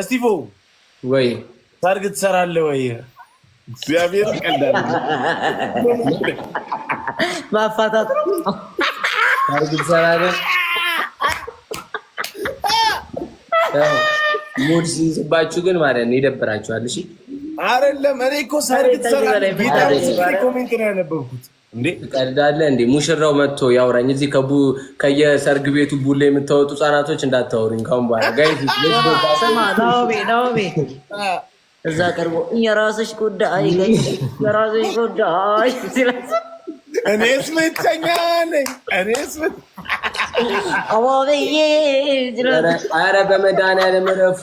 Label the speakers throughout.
Speaker 1: እስቲፎ ወይ ታርግ ትሰራለህ ወይ?
Speaker 2: እግዚአብሔር ይቀልዳል። ማፋታት ታርግ ትሰራለህ። ሙድ ሲይዝባችሁ ግን ማለት ነው ይደብራችኋል። እሺ
Speaker 1: አይደለም። እኔ እኮ ሳርግ ትሰራለህ ኮሜንት ነው ያነበብኩት
Speaker 2: ቀልዳለህ እንዴ? ሙሽራው መጥቶ ያውራኝ። እዚህ ከየሰርግ ቤቱ ቡሌ የምታወጡ ህጻናቶች እንዳታወሩኝ ካሁን በኋላ
Speaker 3: እዛ ቀርቦ የራስሽ ጉዳይ የራስሽ ጉዳይ
Speaker 1: እኔስ ብቸኛ እኔስ
Speaker 3: አባብዬ
Speaker 2: አረ በመድኃኒዓለም እረፉ።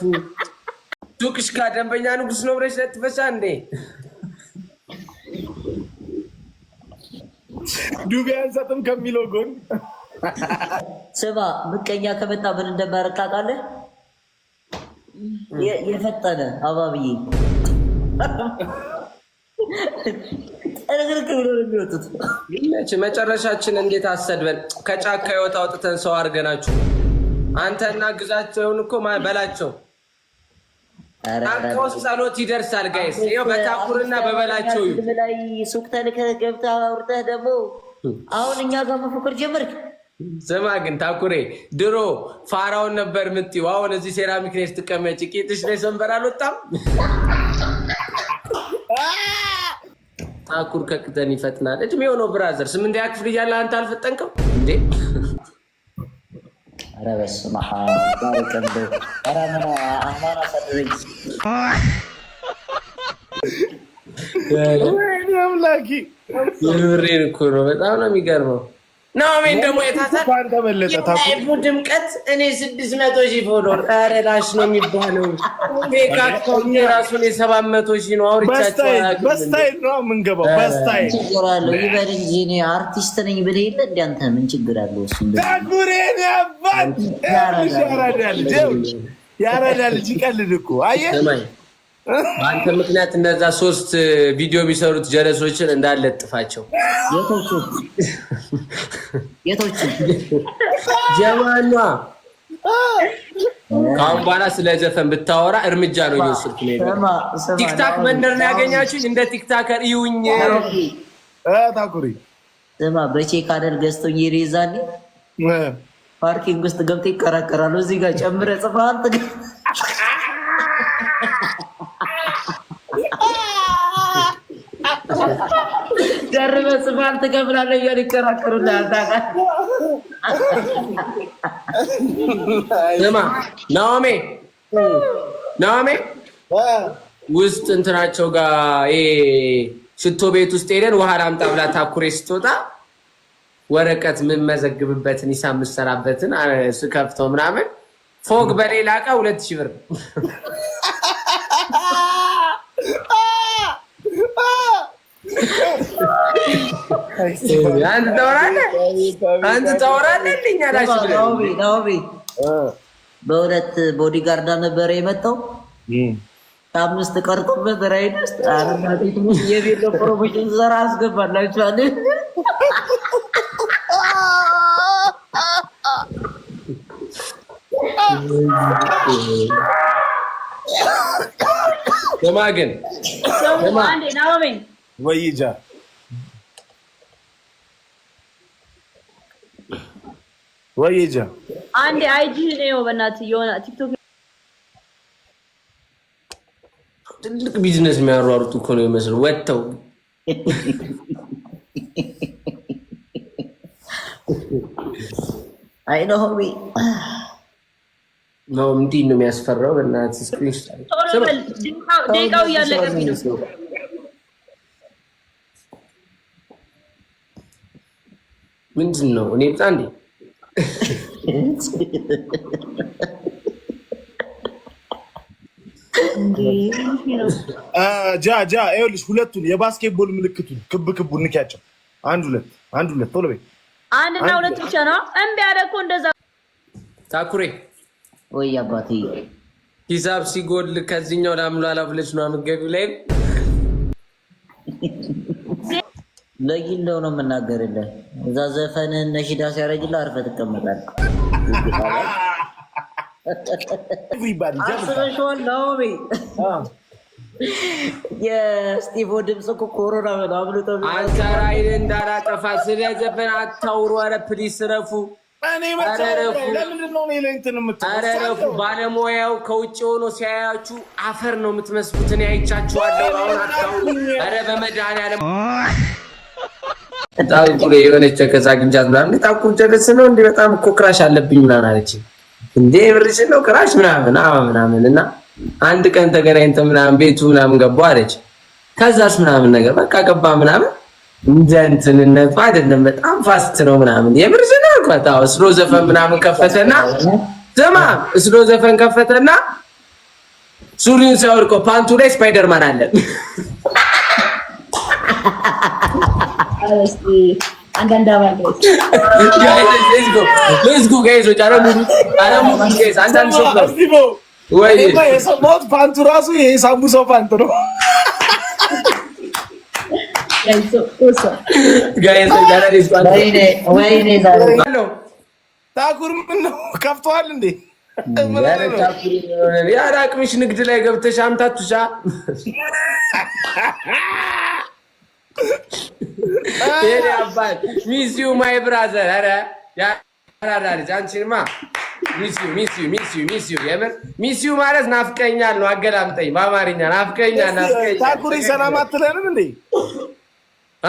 Speaker 2: ሱቅሽ ጋር ደንበኛ ንጉስ ነው ብለሽ ለጥፈሻ እንዴ?
Speaker 1: ዱቤ አንሰጥም ከሚለው ጎን
Speaker 3: ስማ፣ ምቀኛ ከመጣ ምን እንደማያረግ ታውቃለህ? የፈጠነ አባብዬ
Speaker 2: ጥርግርግ ብሎ ነው የሚወጡት። መጨረሻችን እንዴት አሰድበን ከጫካ የወጣ አውጥተን ሰው አድርገናችሁ አንተና ግዛቸውን እኮ በላቸው ታካውስ ጸሎት ይደርሳል። ጋይስ ይሄው በታኩርና በበላቸው ይሁን ላይ
Speaker 3: ሱቅ ተልከህ ገብተህ አውርተህ ደግሞ አሁን እኛ ጋር መፎከር ጀመርክ።
Speaker 2: ስማ ግን ታኩሬ ድሮ ፋራውን ነበር የምትይው፣ አሁን እዚህ ሴራሚክ ላይ ስትቀመጭ ቂጥሽ ላይ ሰንበር አልወጣም። ታኩር ከቅጠን ይፈጥናል። እድሜ የሆነው ብራዘር ስምንተኛ ክፍል እያለ አንተ አልፈጠንክም እንዴ?
Speaker 3: ኧረ በስመ አብ አምላኬ
Speaker 2: የምሬን እኮ ነው። በጣም ነው የሚገርመው። ናሜን
Speaker 1: ደግሞ
Speaker 3: ድምቀት እኔ ስድስት መቶ ሺህ ፎሎር ረላሽ ነው የሚባለው።
Speaker 2: ራሱን የሰባት መቶ ሺህ ነው
Speaker 1: አውርቻቸውበስታይል ነው የምንገባው። በስታይል
Speaker 3: ይበል እንጂ እኔ አርቲስት ነኝ ብለህ የለ እንደ አንተ ምን ችግር አለው?
Speaker 1: ዳጉሬን ያባት ያረዳ ልጅ ይቀልድ እኮ አየህ
Speaker 2: በአንተ ምክንያት እነዛ ሶስት ቪዲዮ የሚሰሩት ጀለሶችን እንዳለጥፋቸው ጀማኗ ከአሁን በኋላ ስለ ዘፈን ብታወራ እርምጃ ነው እየወሰድኩ ቲክታክ መንደር ነው ያገኛችሁኝ። እንደ ቲክታከር እዩኝ።
Speaker 1: ታኩሪ
Speaker 3: ስማ፣ በቼክ አደል ገዝቶኝ ይሬዛል። ፓርኪንግ ውስጥ ገብቶ ይከራከራሉ። እዚህ ጋር ጨምረ ጽፋ ደርበ ጽፋል ትከፍላለህ እያሉ ይከራከሩልሃል።
Speaker 2: ታውቃለህ። ስማ ናኦሜ ናኦሜ ውስጥ እንትናቸው ጋር ሽቶ ቤት ውስጥ ሄደን ውሃ ላምጣ ብላ ታኩሬ ስትወጣ ወረቀት የምመዘግብበትን ሂሳብ የምሰራበትን ስከፍተው ምናምን ፎቅ በሌላ ዕቃ ሁለት ሺህ ብር አንተ ታወራለህ አንተ ታወራለህ እንደኛ
Speaker 3: ላችሁ በሁለት ነበረ የመጣው ከአምስት ቀርቶበት ራይድ ውስጥ የቤት ፕሮሞሽን ዘራ አስገባላችኋል። ስማ ግን ስማ
Speaker 1: ወይጃ ወይ ጃ
Speaker 3: አንዴ አይጂ ነው በእናትህ የሆነ ቲክቶክ
Speaker 2: ትልቅ ቢዝነስ የሚያሯሩጡ እኮ ነው ይመስል ወጥተው አይ ነው ሆቢ ነው እንዲህ ነው የሚያስፈራው። በእናትህ ስክሪንሽ
Speaker 3: ደቂቃው እያለቀብኝ ነው።
Speaker 2: ምንድን ነው እኔ ብጣ እንዴ
Speaker 1: ጃ ጃ ይኸውልሽ፣ ሁለቱን የባስኬትቦል ምልክቱን ክብ ክቡን ንኪያቸው። አንድ ሁለት፣ አንድ ሁለት፣ ቶሎ በይ።
Speaker 3: አንድ ሁለት ብቻ ነው። እምቢ አለ እኮ እንደዛ። ታኩሬ ወይ አባቴ፣
Speaker 2: ሂሳብ ሲጎል ከዚህኛው ላምሏላ ብለሽ ነው አምገቢው ላይ
Speaker 3: ለጊለው ነው የምናገርልህ። እዛ ዘፈን ነሽዳ ሲያደርግልህ አርፈ ትቀመጣል።
Speaker 1: አስበሽዋል?
Speaker 3: ናኦሚ የስጢፎ ድምፅ እኮ ኮሮና ነው አብሎጠ አንሳራይን
Speaker 2: እንዳላጠፋ ስለ ዘፈን አታውሩ። ኧረ ፕሊስ ረፉ።
Speaker 1: ረፉ።
Speaker 2: ባለሙያው ከውጭ ሆኖ ሲያያችሁ አፈር ነው የምትመስሉትን። ያይቻችኋለሁ። አሁን አታውሩ። ኧረ በመድኃኒዓለም በጣም ቁሬ የሆነች ከዛ ግንጃት ምናምን በጣም ቁጀለስ ነው እንዴ በጣም እኮ ክራሽ አለብኝ ምናምን አለች። እንዴ ብርሽ ነው ክራሽ ምናምን አ ምናምን እና አንድ ቀን ተገናኝተን ምናምን ቤቱ ምናምን ገባሁ አለች። ከዛስ ምናምን ነገር በቃ ገባ ምናምን እንደ እንትንነቱ አይደለም በጣም ፋስት ነው ምናምን የብርሽ ነው አልኳታው። ስሎ ዘፈን ምናምን ከፈተና ዘማ ስሎ ዘፈን ከፈተና ሱሪን ሲያወልቀው ፓንቱ ላይ ስፓይደርማን አለ።
Speaker 1: የሰማሁት ፓንቱ ራሱ የሳምቡሳው ፓንት ነው። ታኩር ምነው ከፍተዋል እንዴ?
Speaker 2: የአራቅሚሽ ንግድ ላይ ገብተሽ አምታቱሻ የኔ አባት ሚስ ዩ ማይ ብራዘር። ኧረ ያራዳ ልጅ አንቺንማ ሚስ ዩ ሚስ ዩ ሚስ ዩ ሚስ ዩ የምር ሚስ ዩ ማለት ናፍቀኛል ነው። አገላምጠኝ በአማርኛ ናፍቀኛል። ናፍቀኛል
Speaker 1: ታኩሪ ሰላም አትለንም እንዴ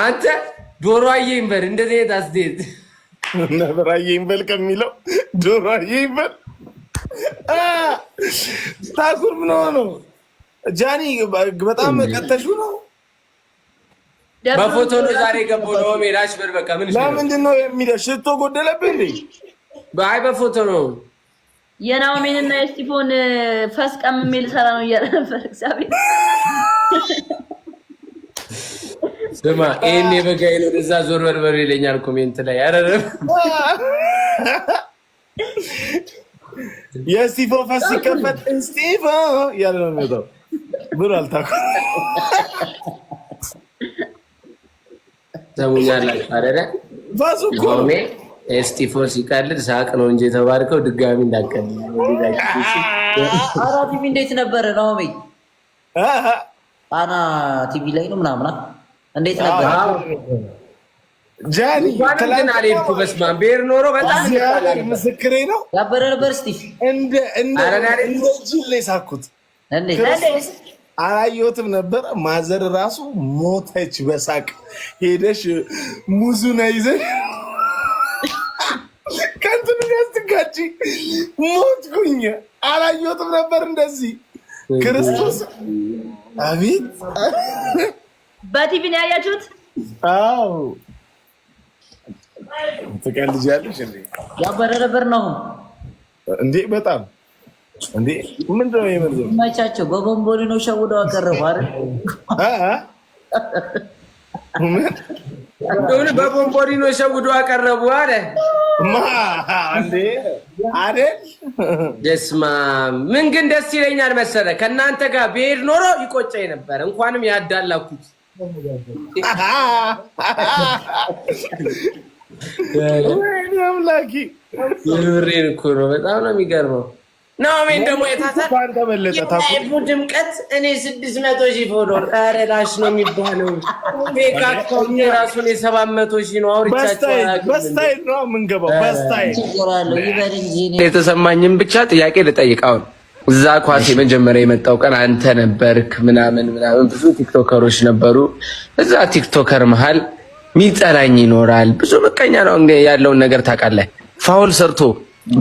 Speaker 2: አንተ ዶሮዬ ይንበል። እንደዚህ አይነት አስተያየት
Speaker 1: ነብራዬ ይንበል ከሚለው ዶሮዬ ይንበል። ታኩር ምን ሆኖ ጃኒ በጣም ቀጠሹ ነው
Speaker 2: በፎቶ ነው ዛሬ ገባሁ። ነው ሜዳሽ በር በቃ ምን ለምንድን
Speaker 1: ነው የሚለው? ሽቶ ጎደለብኝ።
Speaker 2: በአይ በፎቶ ነው
Speaker 3: የናኦሜን እና የስቲፎን ፈስቀም ቀምሜ ሰራ ነው እያለ ነበር። እግዚአብሔር
Speaker 2: ስማ፣ ይሄን የበጋዬን ወደዛ ዞር በርበር ይለኛል ኮሜንት ላይ ያረረም
Speaker 1: የስቲፎ ፈስ ሲከፈት ስቲፎ ያለ ነው ብሎ አልታኩ
Speaker 2: ሰሙኛላችሁ አይደለ? ሆሜ ኤስጢፎን ሲቀልድ ሳቅ ነው እንጂ የተባርከው ድጋሚ እንዳቀል
Speaker 3: አራ ቲቪ እንዴት ነበረ ነው ሆሜ? አና ቲቪ ላይ ነው ምናምና እንዴት ነበረ?
Speaker 1: ጃኒ አሌልኩ። በስመ አብ ብሄር ኖሮ በጣም ምስክሬ
Speaker 3: ነው ያበረ ነበር። እስኪ
Speaker 1: እንደ እንደ እንደ ጅል ነው የሳኩት አላየሁትም ነበር። ማዘር ራሱ ሞተች በሳቅ ሄደሽ ሙዙን ይዘሽ ከንትን ያስትጋጭ ሞትኩኝ። አላየሁትም ነበር እንደዚህ ክርስቶስ አቤት።
Speaker 3: በቲቪ ነው ያያችሁት? አዎ
Speaker 1: ትቀልጃለሽ።
Speaker 3: ያበረረበር ነው
Speaker 1: እንዴ በጣም እንዴ ነው
Speaker 3: የመርዘው? መቻቸው በቦምቦሊ ነው ሸውደው አቀረቡ አይደል?
Speaker 2: እንደሆነ በቦምቦሊ ነው ሸውደው አቀረቡ አለ
Speaker 1: ማ እንዴ አይደል?
Speaker 2: ደስማ ምን ግን ደስ ይለኛል መሰለ ከእናንተ ጋር ብሄድ ኖሮ ይቆጨኝ ነበር። እንኳንም ያዳላኩት አምላኪ የምሬን እኮ ነው። በጣም ነው የሚገርመው ደግሞ
Speaker 3: ድምቀት እኔ ስድስት መቶ ሺህ ፎሎር ኧረ ላሽ ነው የሚባለው።
Speaker 2: ቤካኮኝ ራሱን የሰባት መቶ ሺህ ነው የተሰማኝም ብቻ ጥያቄ ልጠይቅ። አሁን እዛ ኳስ የመጀመሪያ የመጣው ቀን አንተ ነበርክ ምናምን ምናምን፣ ብዙ ቲክቶከሮች ነበሩ። እዛ ቲክቶከር መሀል ሚጠላኝ ይኖራል። ብዙ ምቀኛ ነው ያለውን ነገር ታውቃለህ። ፋውል ሰርቶ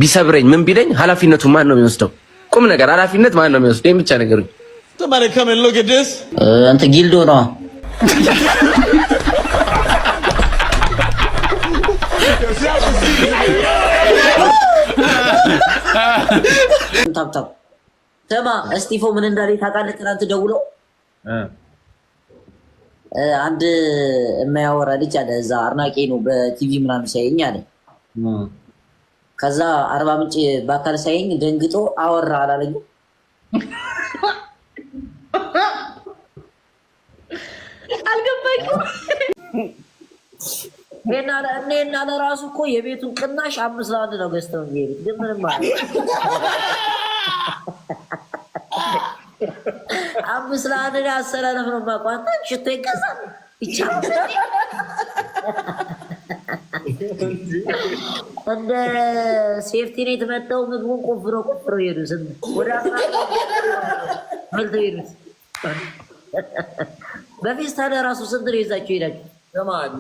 Speaker 2: ቢሰብረኝ ምን ቢለኝ ኃላፊነቱ ማን ነው የሚወስደው? ቁም ነገር ኃላፊነት ማን ነው የሚወስደው? ብቻ ነገር
Speaker 3: አንተ ጊልዶ ነው ተማ እስጢፎ ምን እንዳለኝ ታውቃለህ? ትናንት ደውለው አንድ የማያወራ ልጅ አለ እዛ አርናቄ ነው በቲቪ ምናምን ሲያየኝ አለ ከዛ አርባ ምንጭ በአካል ሳይኝ ደንግጦ አወራ አላለኝ። አልገባኝም። እኔና ለራሱ እኮ የቤቱን ቅናሽ አምስት ለአንድ ነው ገዝተው ቤት ግን ምንም አለ አምስት ለአንድ አሰላለፍ ነው ማቋንታ ሽቶ ይገዛል ይቻላል እንደ ሴፍቲ ኔት መጥተው ምግቡን ቆፍሮ ቆፍሮ ሄዱ። ዝም ወደ መልተው ሄዱት። በፌስታዳ ራሱ ስንት ነው ይዛቸው ሄዳችሁ?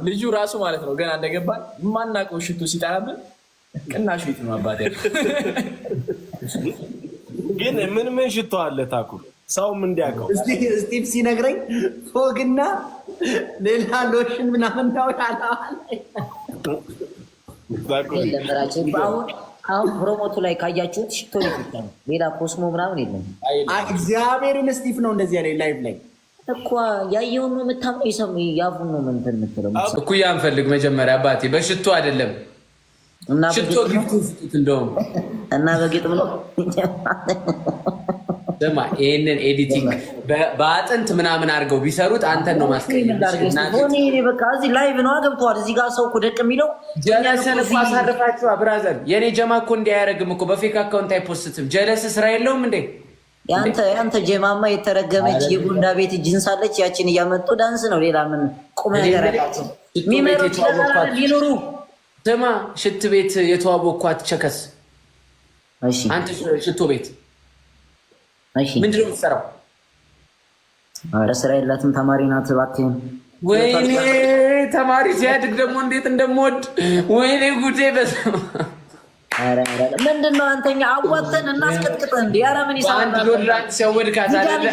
Speaker 2: ልጁ ራሱ ማለት ነው ገና እንደገባ የማናውቀው ሽቶ ሲጠራብን ቅናሹ የት ነው አባቴ።
Speaker 1: ግን ምን ምን ሽቶ አለ ታኩ ሰውም እንዲያውቀው
Speaker 3: ስቲቭ ሲነግረኝ ፎግና ሌላ ሎሽን ምናምን ታውቃለህ አሁን ፕሮሞቱ ላይ ካያችሁት ሽቶ ቤት ነው፣ ሌላ ኮስሞ ምናምን የለም።
Speaker 2: እግዚአብሔርን ስቲፍ ነው እንደዚህ ያለ ላይቭ ላይ እኮ
Speaker 3: ያየውን ነው የምታምነው፣ የሰሙ ያፉን ነው ምንትን ምትለው
Speaker 2: እኩያ አንፈልግ። መጀመሪያ አባቴ በሽቶ አይደለም ሽቶ ጊፍት እንደውም
Speaker 3: እና በጌጥ ነው
Speaker 2: ስማ ይህንን ኤዲቲንግ በአጥንት ምናምን አድርገው ቢሰሩት አንተን ነው ማስቀየምበቃ።
Speaker 3: እዚህ ላይቭ ነዋ ገብተዋል። እዚህ ጋር ሰው እኮ ደቅ የሚለው
Speaker 2: ጀለስን እኮ አሳርፋችኋ። ብራዘር የኔ ጀማ እኮ እንዲህ አያደርግም እኮ በፌክ አካውንት አይፖስትም። ጀለስ ስራ የለውም እንዴ?
Speaker 3: ያንተ ጀማማ የተረገመች የቡንዳ ቤት ጅንሳለች። ያችን እያመጡ ዳንስ ነው። ሌላ ምን ቁም ነገር አላቸው
Speaker 2: ስማ፣ ሽት ቤት የተዋወቅኳት ቸከስ አንተ ሽቶ ቤት ምንድነው የምትሰራው?
Speaker 3: ኧረ ስራ የላትም ተማሪ ናት። እባክህን
Speaker 1: ወይኔ ተማሪ ሲያድግ ደግሞ እንዴት እንደምወድ ወይኔ ጉዴ። በስ ምንድነው አንተኛ አዋተን እናስቀጥቅጠን እንዲ ያረምን ይሰ